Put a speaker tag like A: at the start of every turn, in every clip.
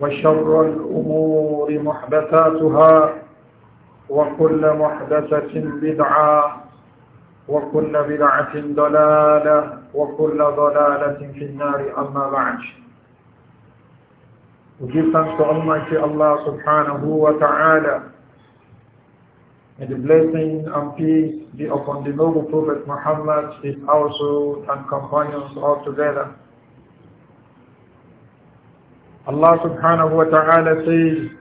A: وشر الأمور محدثاتها وكل محدثة بدعة وكل بدعة ضلالة وكل ضلالة في النار أما بعد وجيبتان سؤالنا في الله سبحانه وتعالى May the blessing and peace be upon the noble Prophet Muhammad, his household and companions all together. Allah subhanahu wa ta'ala says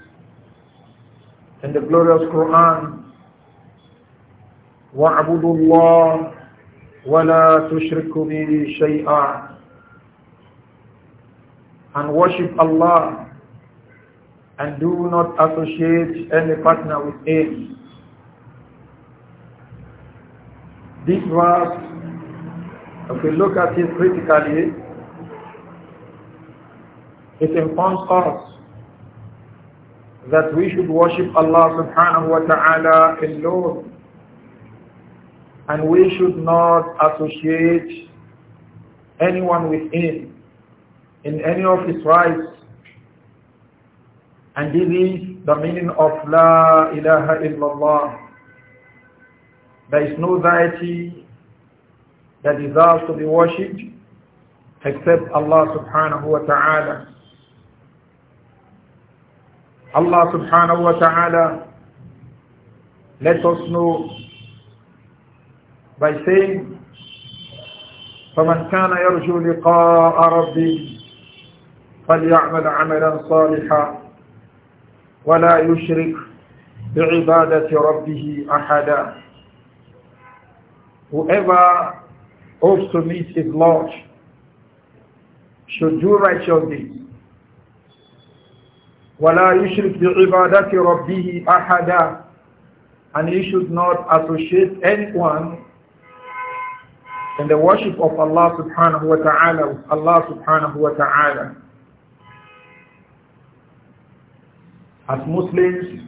A: in the glorious Quran, وَاعْبُدُوا اللَّهِ وَلَا تُشْرِكُوا بِهِ شَيْئًا And worship Allah and do not associate any partner with him. This verse, if we look at it critically, it informs us that we should worship Allah subhanahu wa ta'ala alone and we should not associate anyone with him in any of his rights and this is the meaning of La ilaha illallah there is no deity that deserves to be worshipped except Allah subhanahu wa ta'ala Allah subhanahu wa ta'ala let us know by saying فمن كان يرجو لقاء ربي فليعمل عملا صالحا ولا يشرك بعبادة ربه أحدا Whoever hopes to meet his Lord should do righteous deeds وَلَا يُشْرِكْ بِعِبَادَةِ رَبِّهِ أَحَدًا And he should not associate anyone in the worship of Allah subhanahu wa ta'ala with Allah subhanahu wa ta'ala. As Muslims,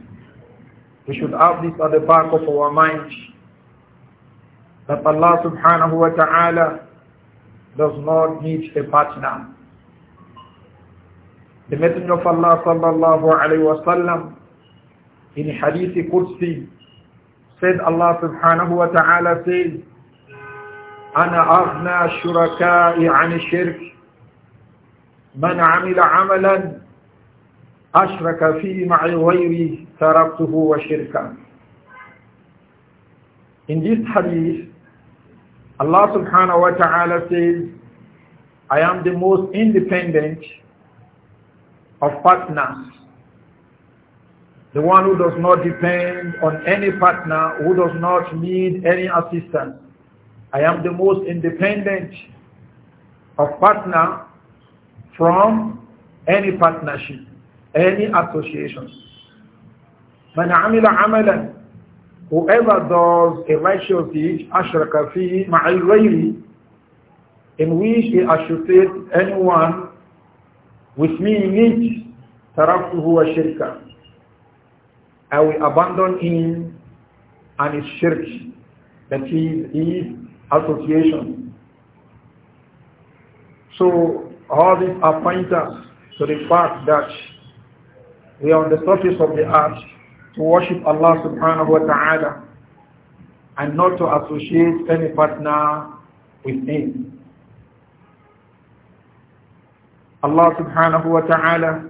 A: we should have this at the back of our minds that Allah subhanahu wa ta'ala does not need a partner. The Messenger of Allah sallallahu alayhi wa in Hadith Qudsi said Allah subhanahu wa ta'ala says, ana aghna شركائي عن الشرك من عمل عملا أشرك فيه مع غيري تركته In this hadith, Allah subhanahu wa ta'ala says, I am the most independent of partners. The one who does not depend on any partner, who does not need any assistance. I am the most independent of partner from any partnership, any association. من عمل عملا whoever does a righteous deed ashraka fihi ma'a in which he associates anyone with meaning it are وشركا I will abandon him and his shirk that is his association so all these are pointers to the fact that we are on the surface of the earth to worship Allah subhanahu wa ta'ala and not to associate any partner with him الله سبحانه وتعالى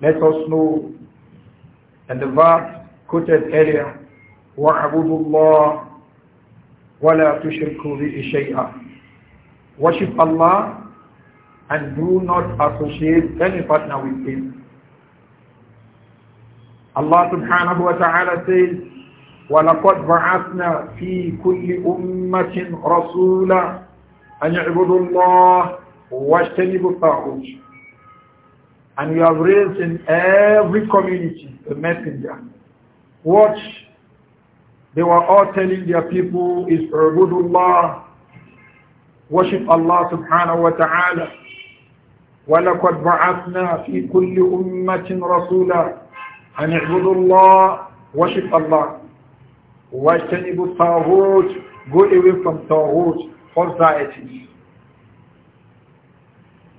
A: let us know and the vast quoted area وعبد الله ولا تشركوا به شيئا worship Allah and do not associate any partner with him Allah سبحانه وتعالى says ولقد بعثنا في كل أمة رسولا أن يعبدوا الله wajtanibu ta'ud. And you have raised in every community the messenger. Watch. They were all telling their people is Allah, worship Allah subhanahu wa ta'ala. وَلَقَدْ بَعَثْنَا فِي كُلِّ أُمَّةٍ رَسُولًا أَنْ اعْبُدُوا اللَّهَ Worship Allah. وَاجْتَنِبُوا الطَّاغُوتِ Go away from طَاغُوتِ, false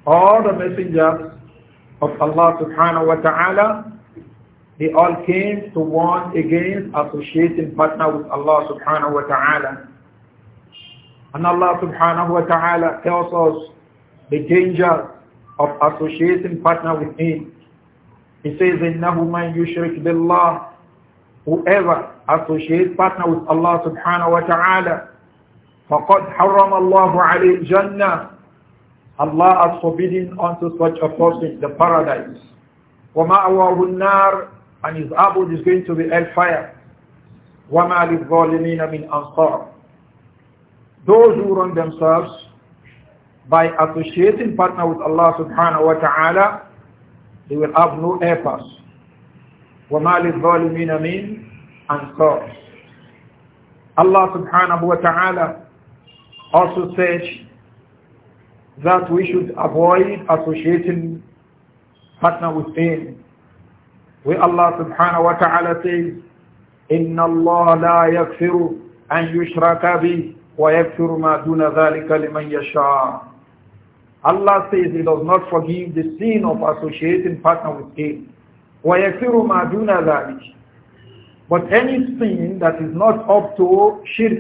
A: all the messengers of Allah subhanahu wa ta'ala, they all came to warn against associating partner with Allah subhanahu wa ta'ala. And Allah subhanahu wa ta'ala tells us the danger of associating partner with him. He says, إِنَّهُ مَنْ يُشْرِكْ بِاللَّهِ Whoever associates partner with Allah subhanahu wa ta'ala, فَقَدْ حَرَّمَ اللَّهُ عَلَيْهِ الْجَنَّةِ Allah has forbidden unto such a person the paradise. وَمَأْوَاهُ النَّارِ And his abode is going to be hellfire. وَمَا لِلظَّالِمِينَ مِنْ أَنصَارٍ Those who wrong themselves by associating partner with Allah subhanahu wa ta'ala, they will have no air pass. وَمَا لِلظَّالِمِينَ مِنْ أَنصَارٍ Allah subhanahu wa ta'ala also says, that we should avoid associating partner with them. Where Allah subhanahu wa ta'ala says, إِنَّ اللَّهَ لَا يَغْفِرُ أَن يُشْرَكَ بِهِ وَيَغْفِرُ مَا دُونَ ذَلِكَ لِمَنْ يَشَاءُ Allah says He does not forgive the sin of associating partner with Him. وَيَغْفِرُ مَا دُونَ ذَلِكَ But any sin that is not up to shirk,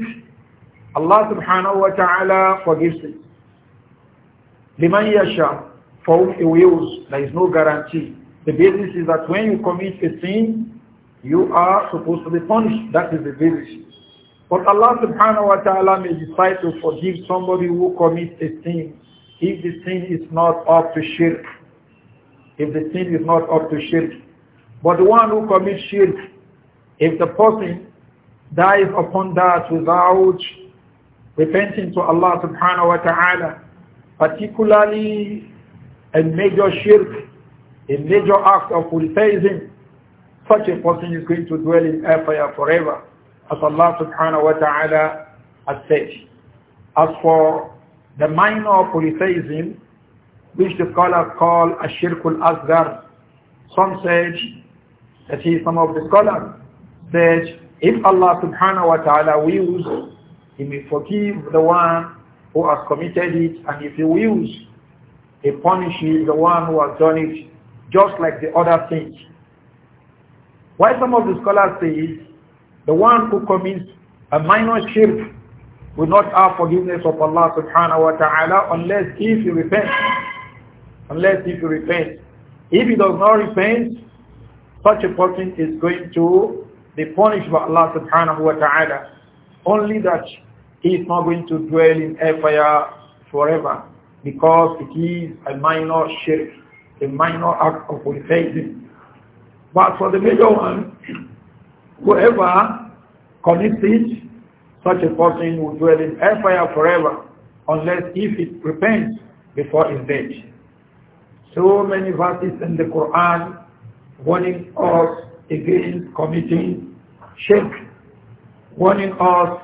A: Allah subhanahu wa ta'ala forgives it. Liman yasha, for whom he wills, there is no guarantee. The basis is that when you commit a sin, you are supposed to be punished. That is the basis. But Allah subhanahu wa ta'ala may decide to forgive somebody who commits a sin if the sin is not up to shirk. If the sin is not up to shirk. But the one who commits shirk, if the person dies upon that without repenting to Allah subhanahu wa ta'ala, particularly a major shirk, a major act of polytheism, such a person is going to dwell in hellfire forever, as Allah subhanahu wa ta'ala has said. As for the minor polytheism, which the scholars call Ashirkul shirkul azgar some said, that is some of the scholars, said, if Allah subhanahu wa ta'ala wills, He may forgive the one who has committed it, and if he wills, he punishes the one who has done it, just like the other things. Why some of the scholars say is, the one who commits a minor shirk will not have forgiveness of Allah subhanahu wa ta'ala unless if he repents. Unless if he repents. If he does not repent, such a person is going to be punished by Allah subhanahu wa ta'ala. Only that he is not going to dwell in hellfire forever because it is a minor shirk, a minor act of polytheism. But for the major one, whoever commits it, such a person will dwell in hellfire forever unless if it repents before his death. So many verses in the Quran warning us against committing shirk, warning us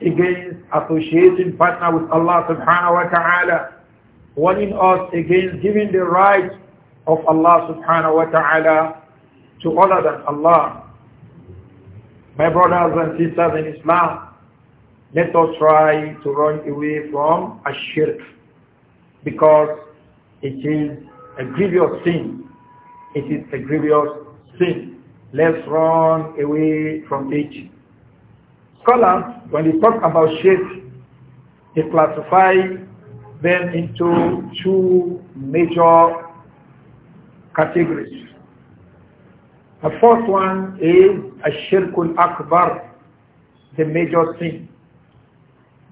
A: against associating partner with Allah subhanahu wa ta'ala, warning us against giving the right of Allah subhanahu wa ta'ala to other than Allah. My brothers and sisters in Islam, let us try to run away from ashirk because it is a grievous sin. It is a grievous sin. Let's run away from it. Scholars, when they talk about shirk, they classify them into two major categories. The first one is shirkul Akbar, the major sin.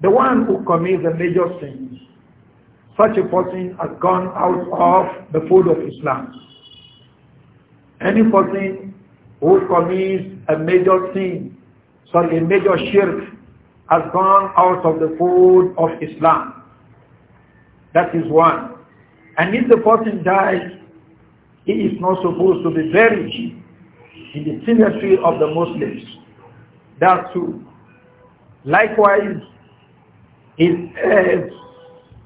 A: The one who commits a major sin, such a person has gone out of the fold of Islam. Any person who commits a major sin sorry, a major shirk has gone out of the fold of Islam. That is one. And if the person dies, he is not supposed to be buried in the cemetery of the Muslims. That too. Likewise, heirs;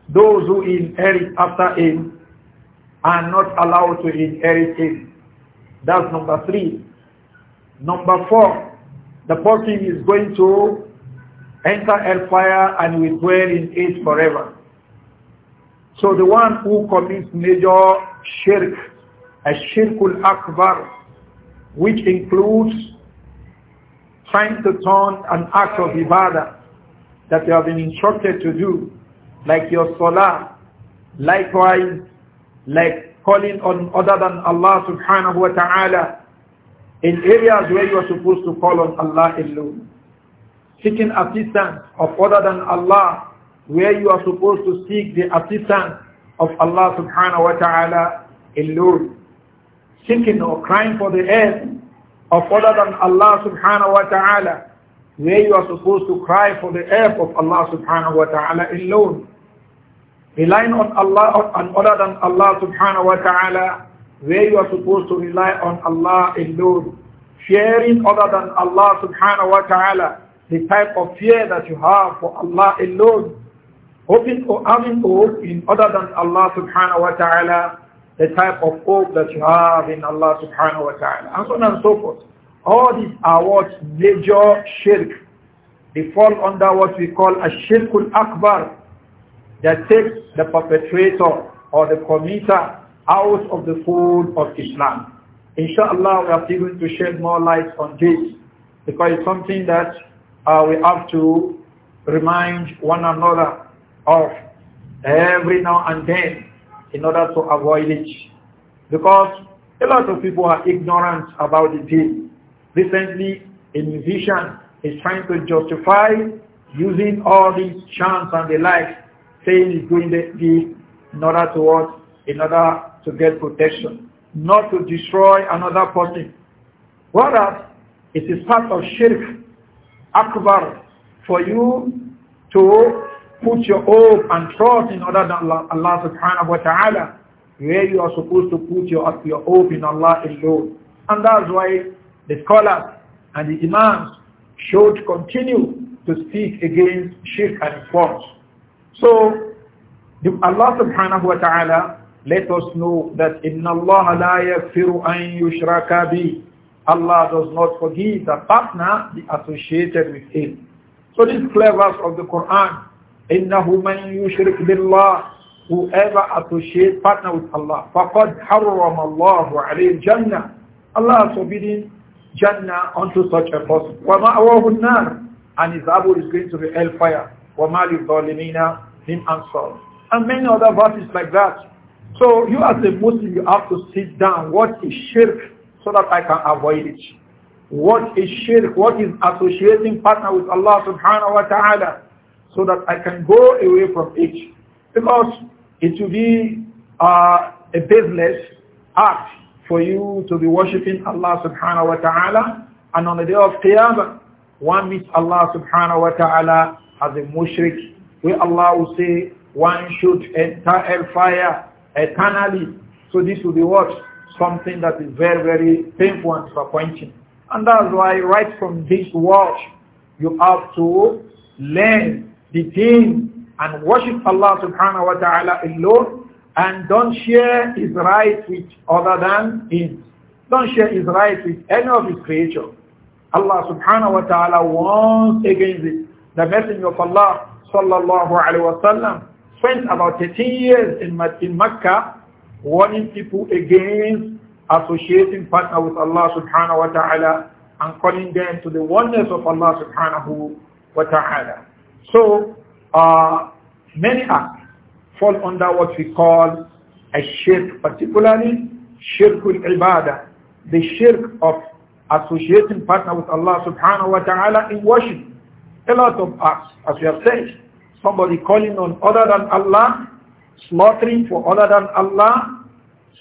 A: those who inherit after him are not allowed to inherit him. That's number three. Number four, the person is going to enter hellfire and will dwell in it forever. So the one who commits major shirk, a shirkul akbar, which includes trying to turn an act of ibadah that you have been instructed to do, like your salah, likewise, like calling on other than Allah subhanahu wa ta'ala, in areas where you are supposed to call on Allah alone, seeking assistance of other than Allah, where you are supposed to seek the assistance of Allah subhanahu wa ta'ala alone, seeking or crying for the help of other than Allah subhanahu wa ta'ala, where you are supposed to cry for the help of Allah subhanahu wa ta'ala alone, relying on Allah and other than Allah subhanahu wa ta'ala where you are supposed to rely on Allah alone, fearing other than Allah subhanahu wa ta'ala, the type of fear that you have for Allah alone, hoping or having hope in other than Allah subhanahu wa ta'ala, the type of hope that you have in Allah subhanahu wa ta'ala, and so on and so forth. All these are what major shirk. They fall under what we call a shirkul akbar that takes the perpetrator or the committer out of the fold of Islam. Inshallah, we are still going to shed more light on this because it's something that uh, we have to remind one another of every now and then in order to avoid it. Because a lot of people are ignorant about the deal. Recently, a musician is trying to justify using all these chants and the like, saying he's doing this in order to what? In order to get protection, not to destroy another person. Whereas it is part of shirk akbar for you to put your hope and trust in other than Allah, subhanahu wa ta'ala where you are supposed to put your, your hope in Allah alone. And that's why the scholars and the imams should continue to speak against shirk and false. So Allah subhanahu wa ta'ala let us know that in Allah لَا يَغْفِرُ أَن يُشْرَكَ Allah does not forgive the partner the associated with him. So this clear verse of the Quran, إِنَّهُ مَن bil بِاللَّهِ Whoever associates partner with Allah, فَقَدْ حَرَّمَ اللَّهُ عَلَيْهِ الْجَنَّةِ Allah has forbidden Jannah unto such a person. Wa وَمَأْوَاهُ النَّارِ And his abode is going to be hellfire. Wa ma وَمَا لِلظَّالِمِينَ مِنْ أَنصَارٍ And many other verses like that. So you as a Muslim, you have to sit down. What is shirk? So that I can avoid it. What is shirk? What is associating partner with Allah subhanahu wa ta'ala? So that I can go away from it. Because it will be uh, a business act for you to be worshipping Allah subhanahu wa ta'ala. And on the day of Qiyamah, one meets Allah subhanahu wa ta'ala as a mushrik. Where Allah will say, one should enter hellfire eternally. So this will be what? Something that is very, very painful and disappointing. And that's why right from this world, you have to learn the deen and worship Allah subhanahu wa ta'ala alone and don't share his right with other than him. Don't share his right with any of his creatures. Allah subhanahu wa ta'ala warns against it. The Messenger of Allah sallallahu alayhi wa sallam spent about 13 years in, in Mecca warning people against associating partner with Allah subhanahu wa ta'ala and calling them to the oneness of Allah subhanahu wa ta'ala. So uh, many acts fall under what we call a shirk, particularly shirkul ibadah, the shirk of associating partner with Allah subhanahu wa ta'ala in worship. A lot of acts, as we have said, somebody calling on other than Allah, slaughtering for other than Allah,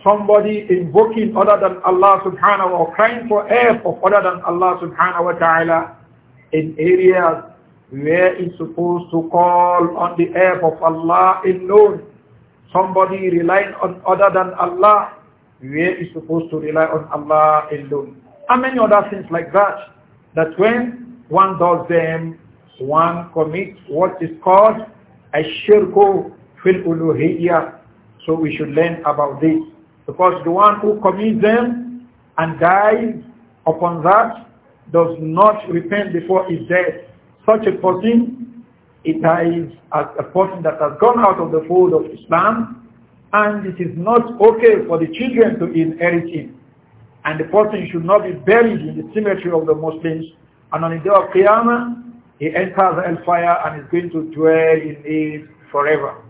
A: somebody invoking other than Allah subhanahu wa or crying for help of other than Allah subhanahu wa ta'ala in areas where it's supposed to call on the help of Allah alone. Somebody relying on other than Allah where it's supposed to rely on Allah alone. And many other things like that, that when one does them, one commits what is called ashirku fil uluhiyya. So we should learn about this. Because the one who commits them and dies upon that does not repent before his death. Such a person, it dies as a person that has gone out of the fold of Islam and it is not okay for the children to inherit him. And the person should not be buried in the cemetery of the Muslims. And on the day of Qiyamah, he enters hellfire and is going to dwell in it forever.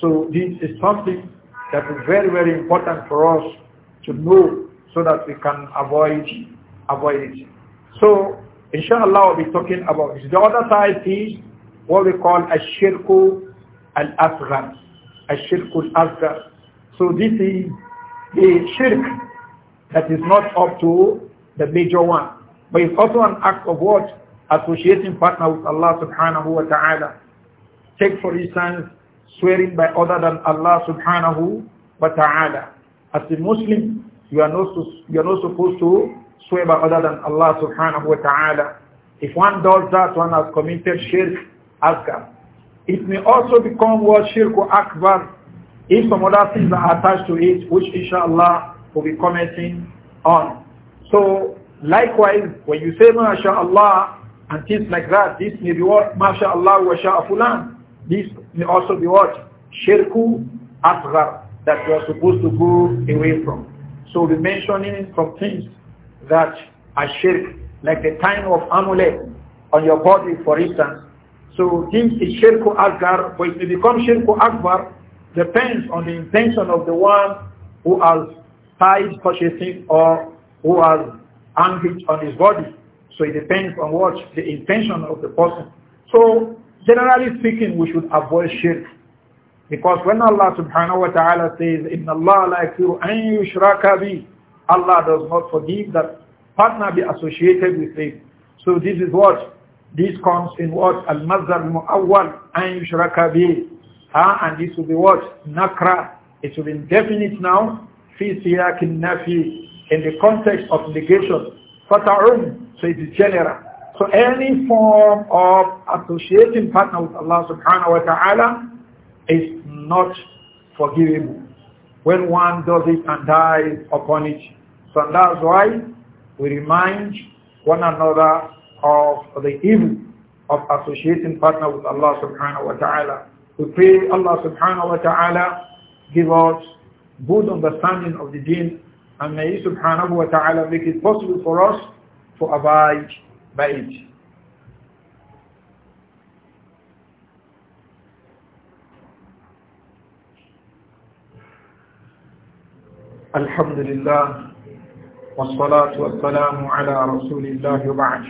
A: So this is something that is very, very important for us to know so that we can avoid, avoid it. So inshallah we'll be talking about The other side is what we call ashirku al-asghar. Ashirku al-asghar. So this is the shirk that is not up to the major one. But it's also an act of what? associating partner with Allah subhanahu wa ta'ala. Take for instance, swearing by other than Allah subhanahu wa ta'ala. As a Muslim, you are, not, you are not supposed to swear by other than Allah subhanahu wa ta'ala. If one does that, one has committed shirk asghar. It may also become what shirk akbar if some other things are attached to it, which inshallah will be commenting on. So likewise, when you say mashallah, and things like that. This may be what? MashaAllah wa sha'afulan. This may also be what? Shirku asghar that you are supposed to go away from. So we're mentioning from things that are shirk, like the time of amulet on your body, for instance. So things is shirku asghar, but it may become shirku akbar depends on the intention of the one who has tied such a thing or who has hung on his body. So it depends on what the intention of the person. So generally speaking, we should avoid shirk. Because when Allah subhanahu wa ta'ala says, إِنَّ اللَّهَ لَا يَكْفِرُ أَن يُشْرَكَ Allah does not forgive that partner be associated with him. So this is what? This comes in what? Al-Mazdar al-Mu'awwal an yushraka bih. Ah, and this will be what? Nakra. It will be indefinite now. Fi siyakin nafi. In the context of negation. Fata'um. So it is general. So any form of associating partner with Allah subhanahu wa ta'ala is not forgivable when one does it and dies upon it. So that's why we remind one another of the evil of associating partner with Allah subhanahu wa ta'ala. We pray Allah subhanahu wa ta'ala give us good understanding of the deen and may subhanahu wa ta'ala make it possible for us to abide by it. الحمد لله والصلاة والسلام على رسول الله وبعد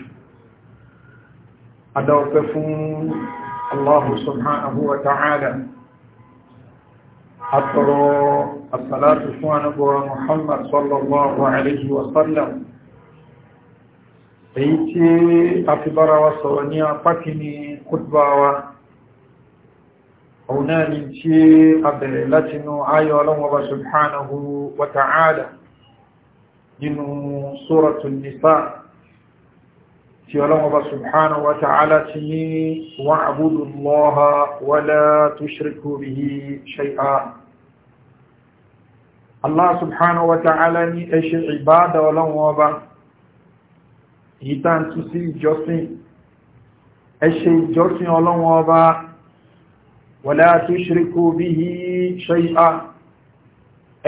A: أدوكفون الله سبحانه وتعالى أطروا الصلاة على محمد صلى الله عليه وسلم èyí tí a fi bára wa sọ̀rọ̀ ní apá kìíní kútbà wa òun náà ni tí a bẹ̀rẹ̀ látinú ayọ́ ọlọ́wọ́ba subhanahu wa ta'ala nínú suratul nisa tí ọlọ́wọ́ba subhanahu wa ta'ala ti ní wa'budu allaha wa la tushriku bihi shay'a Allah èyí tá ń tú sí ìjọsìn ẹ ṣe ìjọsìn ọlọ́wọ́n ọba wala tushriku bihi shay'a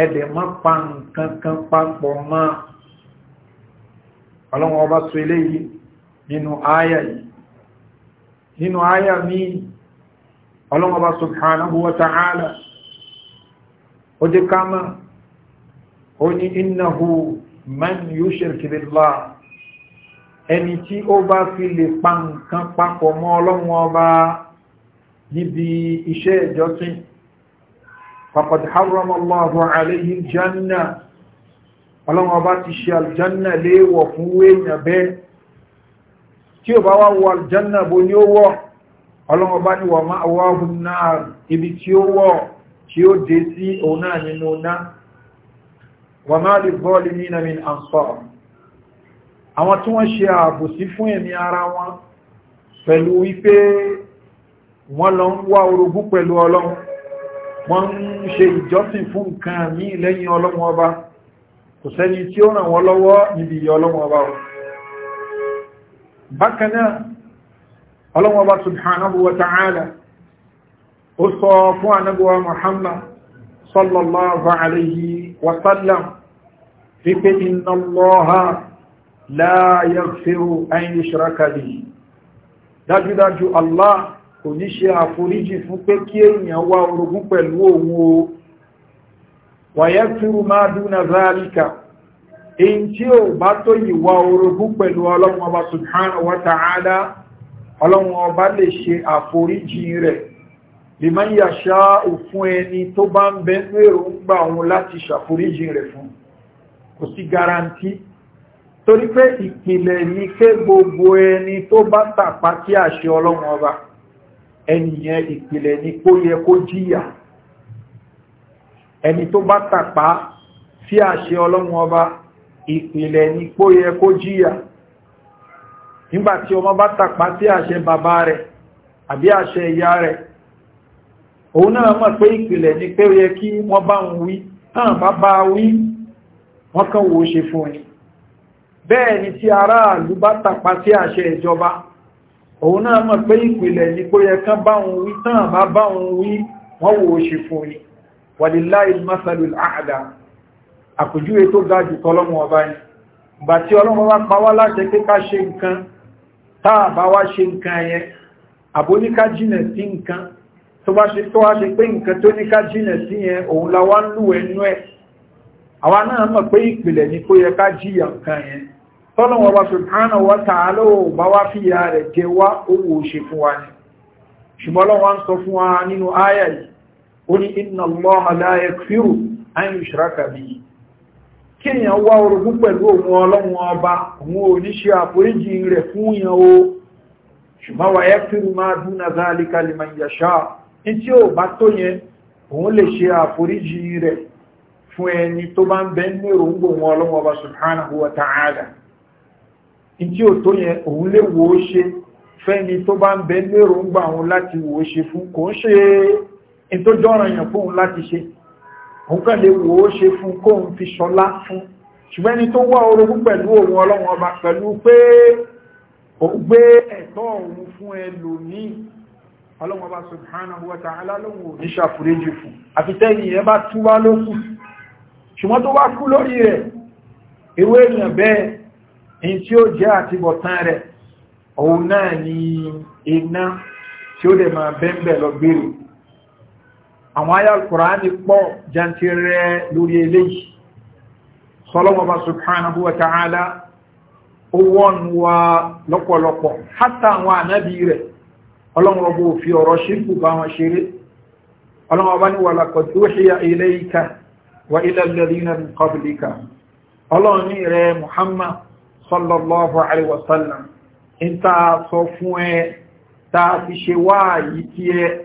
A: ẹ̀dẹ̀ má pa nǹkan kan papọ̀ mọ́ ọlọ́wọ́n ọba sọ eléyìí nínú àyà yìí nínú àyà ní ọlọ́wọ́n ọba subhanahu wa ta'ala ó dé ká ó ní innahu man yushrik billah ẹni tí ó bá fi lè pa nǹkan papọ̀ mọ́ ọlọ́run ọba níbi iṣẹ́ ìjọsìn faqad harrama Allahu alayhi aljanna ọlọ́run ọba ti ṣe aljanna léèwọ̀ fún wéèyàn bẹ́ẹ̀ tí ó bá wá wọ aljanna bó ní ó wọ̀ ọlọ́run ọba ní wa ma'wahu an-nar ibi tí ó wọ̀ tí ó dé sí òun náà nínú náà wa ma li-z-zalimina min ansar àwọn tí wọ́n ṣe ààbòsí fún ẹ̀mí ara wọn pẹ̀lú wípé wọ́n lọ ń wá orogún pẹ̀lú ọlọ́run wọ́n ń ṣe ìjọsìn fún nǹkan ní lẹ́yìn ọlọ́run ọba kò sẹ́ni tí ó ràn wọ́n lọ́wọ́ níbi ọlọ́run ọba ó sọ fún anabuwa muhammad sallallahu alayhi wa sallam inna allaha la yaghfiru an yushraka bihi dájúdájú Allah kò ní ṣe àforíjì fún pé kí èèyàn wá orogún pẹ̀lú òun o wa yaghfiru ma duna zalika èyí tí ó bá tó yìí wá orogún pẹ̀lú ọlọ́run ọba subhanahu wa ta'ala kò sí garanti torí pé ìpìlẹ̀ ní pé gbogbo ẹni tó bá tàpá kí àṣẹ ọlọ́run ọba ẹnìyẹn ìpìlẹ̀ ní kó yẹ kó jíyà ẹni tó bá tàpá sí àṣẹ ọlọ́run ọba ìpìlẹ̀ ní kó yẹ kó jíyà nígbàtí ọmọ bá tàpá sí àṣẹ bàbá rẹ̀ àbí àṣẹ ìyá rẹ̀ òun náà mọ̀ pé ìpìlẹ̀ ní pé ó yẹ kí wọ́n bá ń wí náà bá bá wí wọ́n kàn wò ṣe fún ni bẹ́ẹ̀ ni tí aráàlú bá tàpá sí àṣẹ ìjọba òun náà mọ̀ pé ìpìlẹ̀ ní kó yẹ kán bá wọn wí tán bá bá wọn wí wọ́n wò ó ṣe fún ni wàlìláì masalul àádá àpòjúwe tó ga jù tọ́lọ́mọ ọba ni ìgbà tí ọlọ́mọ wá pa wá láṣẹ pé ká ṣe nǹkan táà bá wá ṣe nǹkan yẹn àbóníká jìnà sí nǹkan tó bá ṣe tó wá ṣe pé nǹkan tó náà mọ̀ pé ìpìlẹ̀ ní kó yẹ ká jìyà nǹkan yẹn tọ́nà wọ́n bá sùnkánà wọ́n tààlọ́ bá wá fi ya rẹ̀ jẹ wá owó ṣe fún wa ní ṣùgbọ́n wọ́n ń sọ fún wa nínú ayà yìí ó ní iná lọ́ha láyé fíru ayin ṣìrákà bí i kí èèyàn wá orogún pẹ̀lú òun ọlọ́run ọba òun ò lè ṣe àforíjì rẹ̀ fún ẹni tó bá ń bẹ ní èròǹgbò wọn ọlọ́run ọba sùnkánà wọ́n tààlà tí ò tó yẹn òun lè wò ó ṣe fẹ́ni tó bá ń bẹ lérò ń gbà òun láti wò ó ṣe fún kò ń ṣe in tó jọ́ràn yàn fóun láti ṣe òun kàn lè wò ó ṣe fún kóun fi ṣọlá fún ṣùgbọ́n ẹni tó wá orogún pẹ̀lú òun ọlọ́run ọba pẹ̀lú pé ó gbé ẹ̀tọ́ òun fún ẹlòmíì ọlọ́run ọba subhanahu wa ta'ala lóhun òní ṣàforíjì fún àfitẹ́yìn ẹ bá túbá lókù ṣùgbọ́n tó wá kú lórí rẹ̀ ewé èèyàn bẹ́ẹ̀ in tí ó jẹ́ àtibọ̀tán rẹ̀ òun náà ni iná tí ó dẹ̀ máa bẹ́ẹ̀bẹ̀ lọ gbèrè àwọn ayá alkùránì pọ̀ jantirẹ lórí eléyìí sọlọ́mọba subhanahu wa ta'ala ó wọ́n wa lọ́pọ̀lọpọ̀ hátà àwọn ànábì rẹ̀ ọlọ́mọba ò fi ọ̀rọ̀ ṣírkù bá wọn ṣeré ọlọ́mọba ni walaqad uhiya ilayka wa ila alladhina min ọlọ́run ní rẹ̀ muhammad sallallahu alaihi wasallam in ta sọ fún ẹ ta fi ṣe wáyí tí ẹ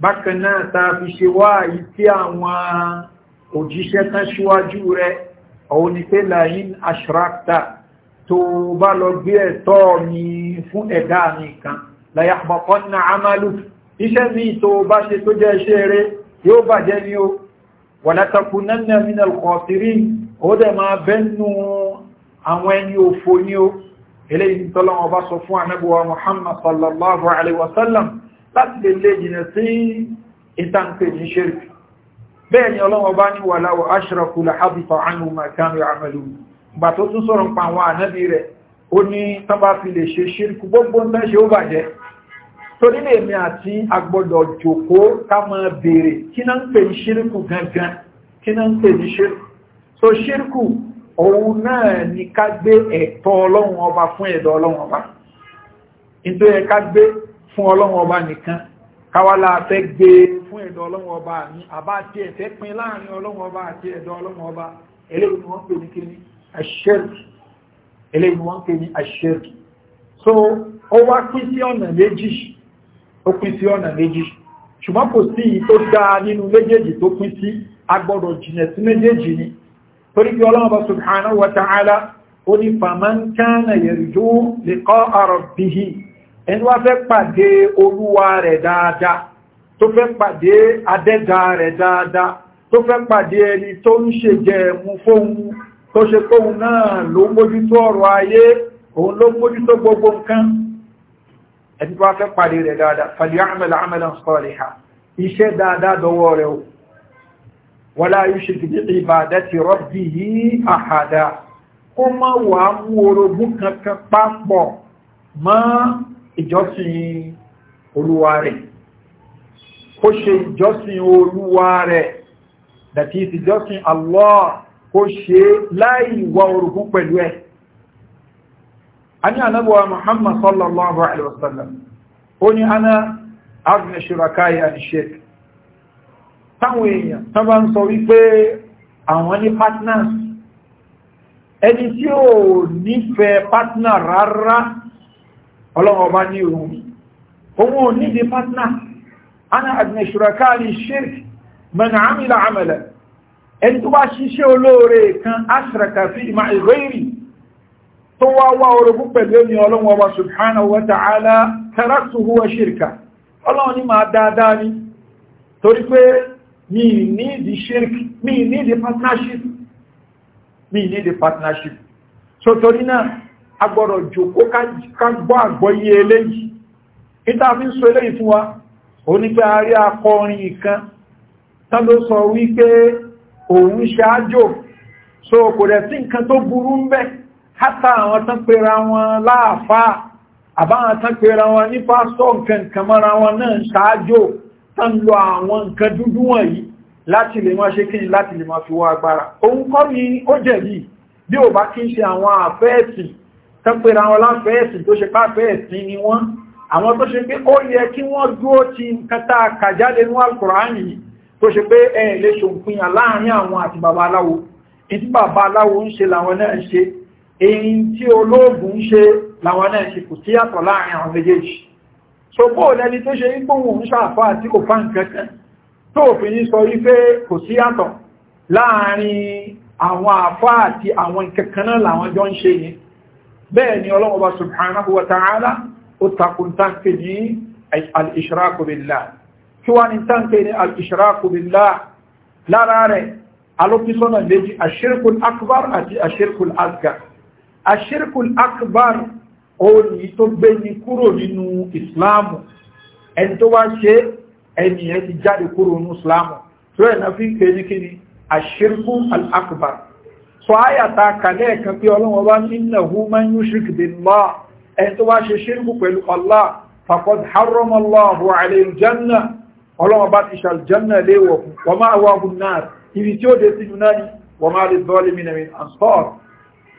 A: bákan náà ta fi ṣe wáyí tí àwọn òjíṣẹ́ tán ṣíwájú rẹ òun ni pé láyín ashrakta tó bá lọ gbé ẹ̀tọ́ mi fún ẹ̀dá mi kan láyàpọ̀pọ̀nà amalu iṣẹ́ mi tó bá ṣe tó jẹ́ iṣẹ́ rẹ yóò bàjẹ́ ni ó wàlátàkùnánà minal khasirin ó dẹ̀ máa bẹ́nu àwọn ẹni òfò ní ó eléyìn tọ́lọ́wọ́ bá sọ fún ànábúwa muhammad sallallahu alaihi wasallam láti lè lè jìnà sí ìtànkè ní ṣerif bẹ́ẹ̀ ni ọlọ́wọ́ bá ní wàláwọ̀ aṣírakù láàbìtọ̀ ánú makanu àmàlù gbà tó so ṣirkù òun náà ni ká gbé ẹ̀tọ́ ọlọ́run ọba fún ẹ̀dọ̀ ọlọ́run ọba ìtò yẹ ká gbé fún ọlọ́run ọba nìkan káwálá fẹ́ gbé fún ẹ̀dọ̀ ọlọ́run ọba ní àbá tí ẹ̀ fẹ́ pin láàrin ọlọ́run ọba àti ẹ̀dọ̀ ọlọ́run ọba eléyìí ni wọ́n pè ní kíní ni wọ́n so ó wá pín sí ọ̀nà méjì ó pín sí ọ̀nà méjì ṣùgbọ́n kò sí yìí tó dáa nínú méjèèjì tó pín sí agbọ́dọ̀ jìnà sí méjèèjì ni torí bí ọlọ́wọ́ subhanahu wa ta'ala ó ní faman kana yarju liqa'a rabbih ẹni wá fẹ́ pàdé olúwa rẹ̀ dáadáa tó fẹ́ pàdé adẹ́gà rẹ̀ dáadáa tó fẹ́ pàdé ẹni tó ń ṣe jẹ mú fóun tó ṣe kóun náà ló mójútó ọ̀rọ̀ ayé òun ló mójútó gbogbo nǹkan ẹni wá fẹ́ pàdé rẹ̀ dáadáa faly'amal 'amalan salihan iṣẹ́ dáadáa dọwọ́ rẹ̀ o wala yushrik bi ibadati rabbihi ahada kó má wà á mú orogún kankan papọ̀ mọ́ ìjọsìn olúwa rẹ̀ kó ṣe ìjọsìn olúwa rẹ̀ that is ìjọsìn Allah kó ṣe láì wà orogún pẹ̀lú ẹ̀ a ní anábọ̀wà Muhammad sallallahu alaihi wasallam ó ní ana agnishirakai and sheikh táwọn èèyàn tán bá ń sọ wípé àwọn ní partners ẹni tí ó nífẹ̀ẹ́ partner rárá ọlọ́run ọba ní òun òun ò nídi partner ana àgbẹ̀ṣùràká ní shirk mẹ́nà àmìlà àmàlẹ̀ ẹni tó bá ṣiṣẹ́ olóore kan ashraka fi ìmá ìrẹ́rì tó wá wá orogún pẹ̀lú ní ọlọ́run ọba subhanahu wa ta'ala taraktuhu wa shirka ọlọ́run ní máa dáadáa ní torí pé mi need shirk mi need partnership mi need partnership so torí náà a gbọ́dọ̀ jòkó ká gbọ́ àgbọ́yé eléyìí níta fi ń sọ eléyìí fún wa ó ní pé a rí akọrin ìkan tán ló sọ wípé òun ṣáájò so kò rẹ̀ sí nǹkan tó burú ń bẹ́ hátà àwọn tán pera wọn láàfáà àbáwọn tán pera wọn ní pásọ̀ nǹkan kan mọ́ra wọn náà ṣáájò tán lọ àwọn nǹkan dúdú wọ̀nyí láti lè máa ṣe kí láti lè máa fi wá agbára òun kọ́ ni ó jẹ̀bi bí ò bá kí ń ṣe àwọn àfẹ́ẹ̀sì tán pèrà wọn láfẹ́ẹ̀sì tó ṣe pàfẹ́ẹ̀sì ni wọ́n àwọn tó ṣe pé ó yẹ kí wọ́n dúró ti nǹkan tá a kà jáde ní alkùránì tó ṣe pé ẹ̀ lè ṣòpinya láàrin àwọn àti bàbá aláwo ìtí bàbá aláwo ń ṣe làwọn náà ṣe èyí tí olóògùn ń ṣe làwọn náà ṣe kò sí yàtọ̀ láàrin àwọn méjèèjì so bó lẹni tó ṣe gbóhùn ń ṣàfá àti kò fá nǹkankan tó fi ní sọ wípé kò sí yàtọ̀ láàrin àwọn àfá àti àwọn nǹkankan náà làwọn jọ ń ṣe yẹn bẹ́ẹ̀ ni ọlọ́wọ́ba subhanahu wa ta'ala ó takun tánkì ní al orí tó gbé ní kúrò nínú ìsìláàmù ẹni tó wá ṣe ẹni ẹ ti jáde kúrò nínú ìsìláàmù tó ẹ̀nà fi ń pè ní kí ni àṣírkú al-akbar so ayàta kàlẹ́ ẹ̀kan pé ọlọ́wọ́ bá ní ìnáwó máa ń yún ṣírkì billah ẹni tó wá ṣe ṣírkù pẹ̀lú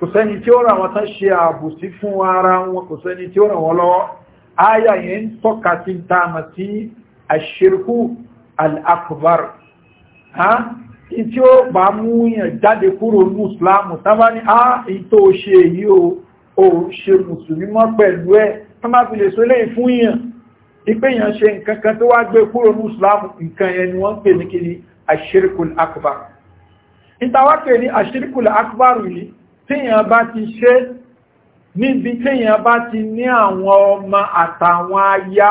A: kò sẹ́ni tí ó rà wọn tán ṣe ààbòsí fún ara wọn kò sẹ́ni tí ó rà wọn lọ́wọ́ áyà yẹn ń tọ́ka sí tààmà sí àṣírkú al-akbar in tí ó bá mú yàn jáde kúrò ní islamu tábá ní á in ṣe èyí o ṣe mùsùlùmí mọ́ pẹ̀lú ẹ̀ tán bá fi lè sólé fún yàn ipé yàn ṣe nǹkan kan tó wá gbé kúrò ní islamu nǹkan yẹn ni wọ́n pè ní kiri àṣírkú al-akbar ìtawákẹ́ ní àṣírkú al-akbar yìí téèyàn bá ti ṣe níbi téèyàn bá ti ní àwọn ọmọ àtàwọn aya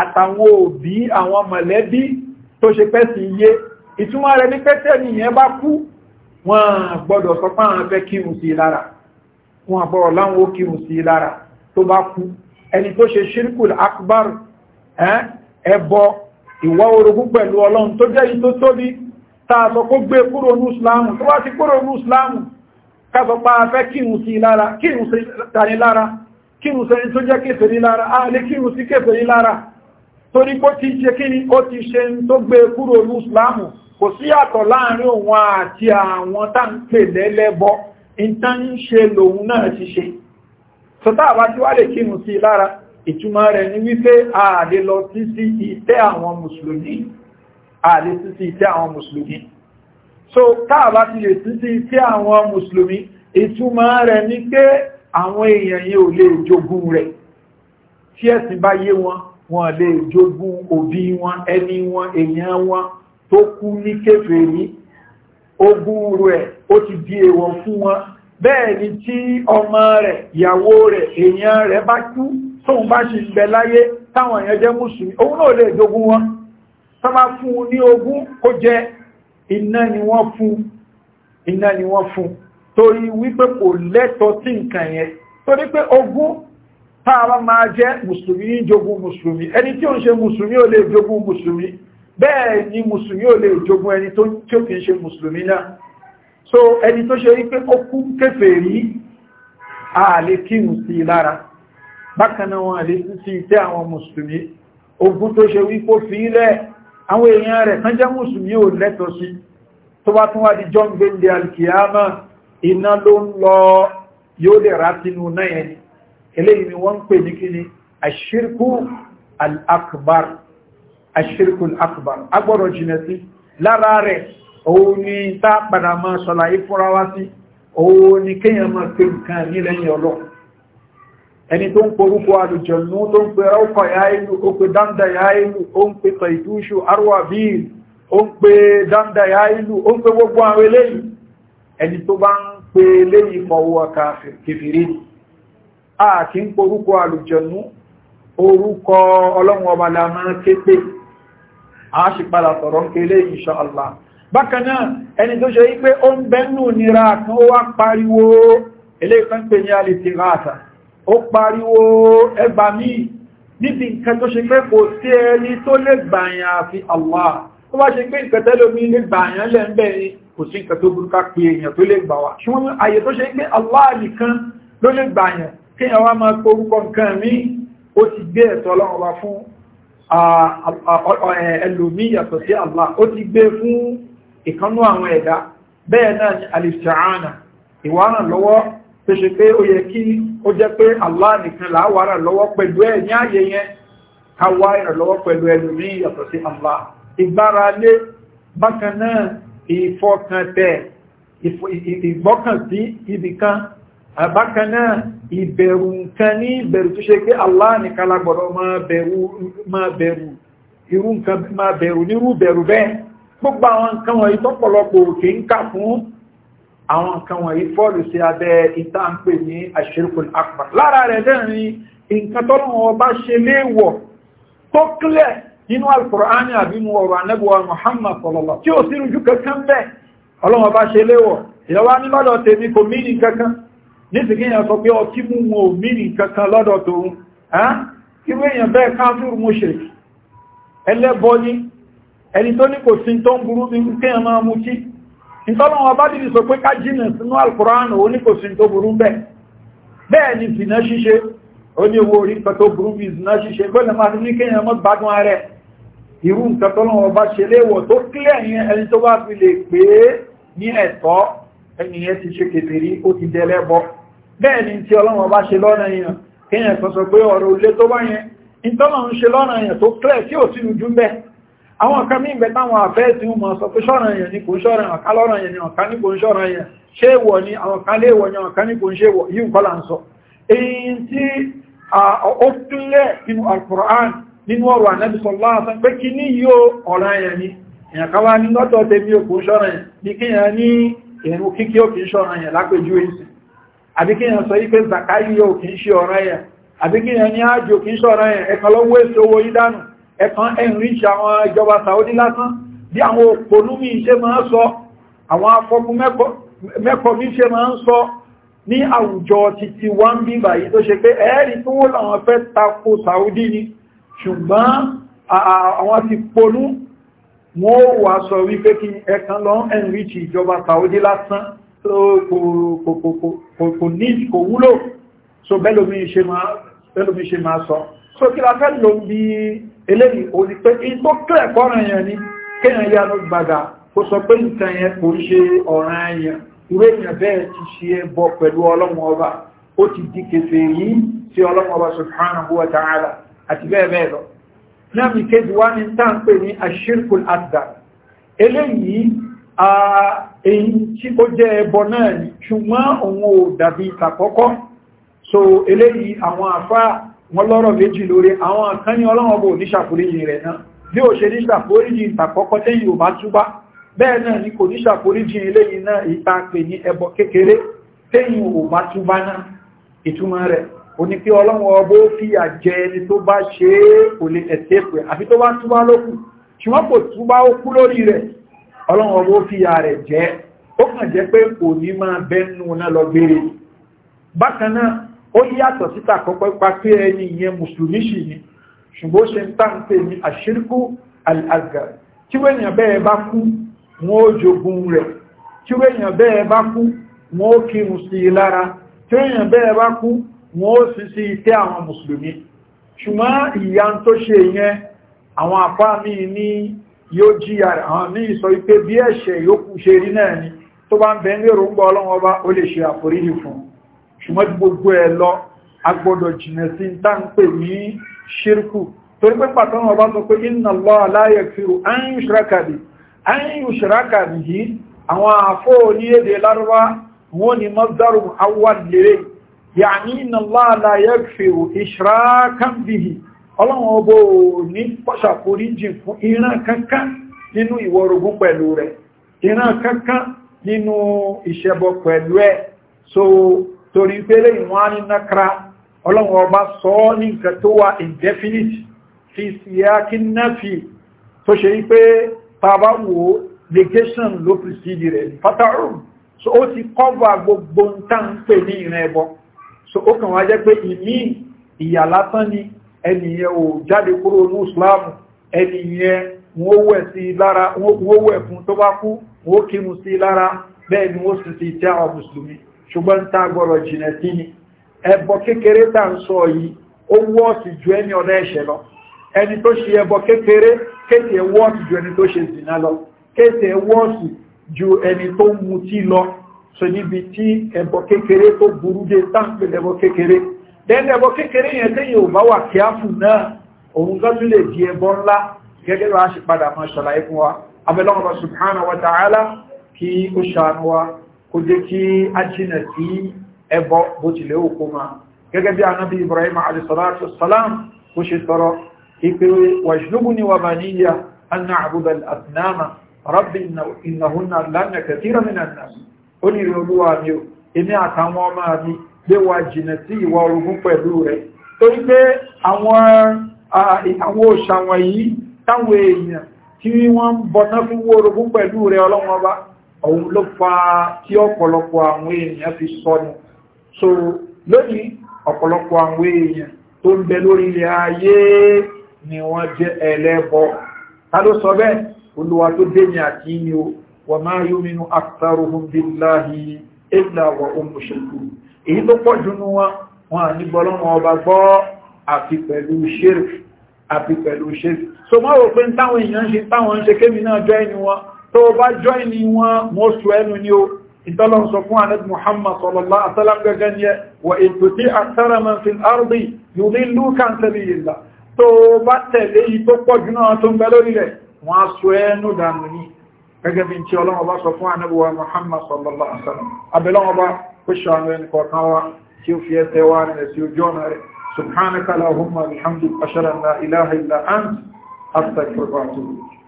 A: àtàwọn òbí àwọn mọ̀lẹ́bí tó ṣe pẹ́ sí iye ìtumọ̀ rẹ̀ ní pẹ́tẹ́ nìyẹn bá kú wọ́n gbọ́dọ̀ sọ pé àwọn fẹ́ kírun sí lára wọ́n àbọ̀rọ̀ láwọn ó kírun sí lára tó bá kú ẹni tó ṣe shirkul akbar ẹbọ ìwọ́ orogún pẹ̀lú ọlọ́run tó jẹ́ yìí tó tóbi tààtọ̀ kó gbé kúrò ní ìsìláàmù tó bá ti kúrò ní ìsìláàmù kásọpá afẹ́ kírun sí lára kírun sí tani lára kírun sí tó jẹ́ kéfèrí lára a lè kírun sí kéfèrí lára torí kó ti ṣe kí ni ó ti ṣe tó gbé kúrò ní islamu kò sí àtọ̀ láàrin òun àti àwọn tá ń pè ni wípé ààlè lọ sí sí ìtẹ́ àwọn mùsùlùmí ààlè sí sí ìtẹ́ àwọn mùsùlùmí so káàbá ti lè títí tí àwọn mùsùlùmí ìtumọ̀ rẹ̀ ní pé àwọn èèyàn yìí ò lè jogun rẹ̀ tí ẹ̀sìn bá yé wọn wọn lè jogun òbí wọn ẹni wọn èèyàn wọn tó kú ní kéfèrí ogun rẹ̀ ó ti di èèwọ̀ fún wọn bẹ́ẹ̀ ni tí ọmọ rẹ̀ ìyàwó rẹ̀ èèyàn rẹ̀ bá kú tóun bá ṣe bẹ láyé táwọn èèyàn jẹ́ mùsùlùmí òun náà lè jogun wọn tọ́ bá fún un ní ogún kó jẹ́ iná ni wọ́n fún iná ni wọ́n fún torí wípé kò lẹ́tọ̀ tí nǹkan yẹn torí pé ogún tààrà máa jẹ́ mùsùlùmí ní jogún mùsùlùmí ẹni tí ó ń ṣe mùsùlùmí ò lè jogún mùsùlùmí bẹ́ẹ̀ ni mùsùlùmí ò lè jogún ẹni tó tí ó fi ṣe mùsùlùmí náà so ẹni tó ṣe wípé ó kú kèfèrí ààlè kírun sí i lára bákan náà wọn àlè sí sí iṣẹ́ àwọn mùsùlùmí ogún tó ṣe wípé ó fi ń lẹ́ẹ̀ àwọn èèyàn rẹ̀ kan jẹ́ mùsùlùmí ò lẹ́tọ̀ sí tó bá tún wá di john gbende alkiyama iná ló ń lọ yóò lè rá sínú náà yẹn eléyìí ni wọ́n ń pè ní kíni àṣírkù al-akbar àṣírkù ẹni tó ń porúkọ àlùjọ̀nú tó ń pe ráúkọ̀ ya ìlú ó pe dáńdà ya ìlú ó ń pe tàìtúṣù arwabil ó ń pe dáńdà ya ó ń pe gbogbo àwọn eléyìí ẹni tó bá ń pe eléyìí fọwọ́ kẹfìrí a kì ń porúkọ àlùjọ̀nú orúkọ ọlọ́run ọba la máa képe a sì padà sọ̀rọ̀ ń pe eléyìí inṣọ́ọ̀lá bákanáà ẹni tó ṣe wípé ó ń bẹ́nù nira kan ó wá pariwo eléyìí kan pè ní alìtìráta ó pariwo ẹgbà mí níbi nǹkan tó ṣe pé kò sí ẹni tó lè gbàyàn àfi Allah tó bá ṣe pé nǹkan tẹ́lómi lè gbàyàn lẹ́ẹ̀bẹ̀ ni kò sí nǹkan tó burúkà pé èèyàn tó lè gbà wá ṣùgbọ́n àyè tó ṣe pé Allah nìkan ló lè gbàyàn kí ẹ wá máa porúkọ nǹkan mí ó ti gbé ẹ̀tọ́ ọlọ́run wá fún ẹlòmí yàtọ̀ sí Allah ó ti gbé fún ìkanú àwọn ẹ̀dá bẹ́ẹ̀ náà ni alìsàánà ìwárànlọ́wọ́ tó ṣe pé ó yẹ kí ó jẹ́ pé Allah nìkan láwà ìrànlọ́wọ́ pẹ̀lú ẹ̀ ní ààyè yẹn ká wá ìrànlọ́wọ́ pẹ̀lú ẹlòmí yàtọ̀ sí Allah ìgbára lé bákan náà ìfọkàntẹ̀ ìgbọ́kànsí ibìkan bákan náà ìbẹ̀rù nǹkan ní ìbẹ̀rù tó ṣe pé Allah nìkan lágbọ̀dọ̀ máa bẹ̀rù irú nǹkan máa bẹ̀rù nírú bẹ̀rù bẹ́ẹ̀ gbogbo àwọn nǹkan wọ̀nyí tọ́pọ̀lọpọ̀ òkè ń kà àwọn nǹkan wọ̀nyí fọ́ọ̀lù sí abẹ́ ìta ń pè ní àṣírkùn akbar lára rẹ̀ lẹ́rin nǹkan tó lọ́wọ́ bá ṣe léèwọ̀ tó kílẹ̀ nínú alkùránì àbínú ọ̀rọ̀ anẹ́bùwa muhammad sọlọ́lọ́ tí ó sírùjú kankan bẹ́ ọlọ́wọ́ bá ṣe léèwọ̀ ìyàwó ní lọ́dọ̀ tèmi kò mínì kankan nísìkíyàn sọ pé ọtí mú wọn ò mínì kankan lọ́dọ̀ tóun irú sí tó ń ìtọ́lọ́wọ́ bá dìdì sọ pé ká jìnà sínú alkùránù ó ní kò sí tó burú bẹ́ bẹ́ẹ̀ ni fìná ṣíṣe ó ní owó orí nǹkan tó burú bí ìsìná ṣíṣe gbọ́nà máa ní kéèyàn mọ́ gbádùn ààrẹ irú nǹkan tọ́lọ́wọ́ bá ṣe léwọ̀ tó kílẹ̀ yẹn ẹni tó bá fi lè pé ní ẹ̀tọ́ ẹniyẹn ti ṣe kèfèrí ó ti dẹlẹ́bọ bẹ́ẹ̀ ni tí ọlọ́wọ́ bá ṣe lọ́nà yẹn kéèyàn kan sọ pé ọ̀rọ̀ ilé tó bá yẹn ìtọ́lọ́wọ́ ń ṣe lọ́nà yẹn tó kílẹ̀ tí ò sínú jú bẹ́ẹ̀ àwọn kan mí ìgbẹ̀táwọn àfẹ́ẹ̀tì mọ̀ sọ pé ṣọ́ràn yẹn ni kò ṣọ́ràn ọ̀ká lọ́ràn yẹn ni ọ̀ká ní kò ń ṣọ́ràn yẹn ṣe wọ̀ ni ọ̀ká léwọ̀ ni ọ̀ká ní kò ń ṣe wọ̀ yíò kọ́lá ń sọ èyí ni èyàn ká wá ní lọ́tọ̀ tẹ́mí òkú ṣọ́ràn yẹn ní kí yẹn ní kìí ṣọ́ràn yẹn lápẹjú zakayi yóò kìí ṣe ọ̀ràn yẹn àbí kí yẹn ní ájò lọ́wọ́ èso owó yí ẹ̀kan enrich àwọn ìjọba Saudi lásán bí àwọn òpònú mi ṣe máa ń sọ àwọn afọ́kún mẹ́kọ̀ọ́ mi ṣe máa ń sọ ní àwùjọ títí wọ́n bí báyìí tó ṣe pé ẹ̀ẹ́rì tó wó làwọn fẹ́ tako Saudi ni ṣùgbọ́n àwọn ti ponú wọ́n wà sọ wípé kí ẹ̀kan lọ enrich ìjọba Saudi lásán tó kò ní kò wúlò so bẹ́lómi ṣe eléyìí o ní tó kílẹ̀ kọ́rọ̀ yẹn ni kéèyàn yánú gbàgà ó sọ pé nǹkan yẹn kò ṣe ọ̀ràn èèyàn irú èèyàn bẹ́ẹ̀ ti ṣe é bọ pẹ̀lú ọlọ́run ọba ó ti di kèfè yìí sí ọlọ́run ọba subhanahu wa ta'ala àti bẹ́ẹ̀ bẹ́ẹ̀ lọ náà mi kéjì wá so eléyìí àwọn àfáà wọ́n lọ́rọ̀ méjì lórí àwọn àkányí ọlọ́wọ́n bò ní ṣàforíjì rẹ̀ náà bí ó ṣe ní ṣàforíjì ìtàkọ́kọ́ tẹ́yìn ò bá túbá bẹ́ẹ̀ náà ni kò ní ṣàforíjì eléyìn náà ìta pè ní ẹbọ kékeré tẹ́yìn ò bá túbá náà ìtumọ̀ rẹ̀ o ní pé ọlọ́wọ́n bó fi àjẹ ẹni tó bá ṣe é kò lè ẹ̀tẹ́ pẹ̀ àfi tó bá túbá lókù ṣùgbọ́n kò túbá ó yàtọ̀ síta kọ́kọ́ pa pé ẹni ìyẹn mùsùlùmí ni ṣùgbọ́n ṣe ń tàǹtẹ̀ ní àṣírkú al-azgar tí wẹ́nyàn bẹ́ẹ̀ bá kú wọ́n ó jogun rẹ̀ tí wẹ́nyàn bẹ́ẹ̀ bá kú wọ́n ó kírun sí i lára tí wẹ́nyàn bẹ́ẹ̀ bá kú wọ́n ó sì sí ìtẹ́ àwọn mùsùlùmí ṣùgbọ́n ìyà tó ṣe yẹn àwọn àpá mi ní yóò ṣùgbọ́n gbogbo ẹ̀ lọ agbọ́dọ̀ jìnà sí tá ń pè ní ṣírkù torí pé pàtàkì ọba sọ pé iná lọ aláyẹ̀fìrù ayin ṣirakàdì ayin ṣirakàdì yìí àwọn àfọ́ ní èdè lárúwá wọ́n ni mọ́sárùn awà lèrè yàní iná lọ aláyẹ̀fìrù ìṣirakàbìhì ọlọ́run ọbọ̀ ní pọ́ṣàforíjì fún ìran kankan nínú ìwọ̀rògún pẹ̀lú rẹ̀ ìran kankan nínú ìṣẹ́bọ pẹ̀lú ẹ̀ so torí pẹ́lẹ̀ ìwọ̀n ní nákra ọlọ́run ọba sọ ní nǹkan tó wà indefinite fi síyákí náfi tó ṣe wípé tàbá wo negation ló precede rẹ̀ fatarum so ó ti cover gbogbo nǹkan pè ní ìrìn ẹbọ so ó kàn wá jẹ́ pé ìmí ìyà lásán ni ẹnìyẹn ò jáde kúrò ní islam ẹnìyẹn wọ́n wẹ̀ sí lára wọ́n wẹ̀ fún tó bá kú wọ́n kírun sí lára bẹ́ẹ̀ ni wọ́n sì ti tẹ́ àwọn mùsùlùmí ṣùgbọ́n tá gbọ́rọ̀ jìnà sí ni ẹbọ kékeré tà ń sọ yìí ó wọ́ọ̀tì ju ẹni ọ̀rẹ́ ẹ̀ṣẹ̀ lọ ẹni tó ṣe ẹbọ kékeré kéèsì ẹ wọ́ọ̀tì ju ẹni tó ṣe zìnà lọ kéèsì ẹ wọ́ọ̀tì ju ẹni tó ń mutí lọ so níbi tí ẹbọ kékeré tó burú dé táǹpẹ̀ ẹbọ kékeré di ẹbọ ńlá gẹ́gẹ́ bá ṣe padà mọ́ ṣàlàyé subhanahu wa ta'ala kí ó kó jẹ́ kí a jìnà sí ẹbọ bó tilẹ̀ òkú ma gẹ́gẹ́ bí anábi ibrahim alisalatu salam bó ṣe sọ́rọ̀ ipe wàjlúgbù ni wà bá níyà an na àbúdà rabbi innahunna lánà kàtíra min annas ó ní rí mi ò èmi wọ́n bọ̀ná fún orogún pẹ̀lú rẹ̀ ọlọ́wọ́n bá òun ló fa tí ọ̀pọ̀lọpọ̀ àwọn èèyàn fi sọnù so lónìí ọ̀pọ̀lọpọ̀ àwọn èèyàn tó ń bẹ lórí ilẹ̀ ayé ni wọ́n jẹ́ ẹlẹ́bọ ta ló sọ bẹ́ẹ̀ olúwa tó dẹ́mi àti ní o wọ́n máa yóò mínú aktaruhun billahi illa wa omuṣẹ́kù èyí tó pọ̀ jù wọn wọn ní gbọ́lọ́wọ́n ọba gbọ́ àti pẹ̀lú ṣírf àti so mọ́ òfin táwọn èèyàn ṣe táwọn ń ṣe tó bá join wọn mo sọ ẹnu ni o ìtọ́lọ́n sọ fún ànẹ́bì Muhammad sallallahu alaihi wasallam gẹ́gẹ́ ni ẹ wà ìtòtí àtàràmà fi àrùdí yóò ní lúkàn tẹ́lẹ̀ ìlà tó bá tẹ̀lé yìí tó pọ̀ jù náà tó ń bẹ lórí rẹ̀ wọ́n á sọ ẹnu dànù ní gẹ́gẹ́ bí tí ọlọ́wọ́ bá sọ fún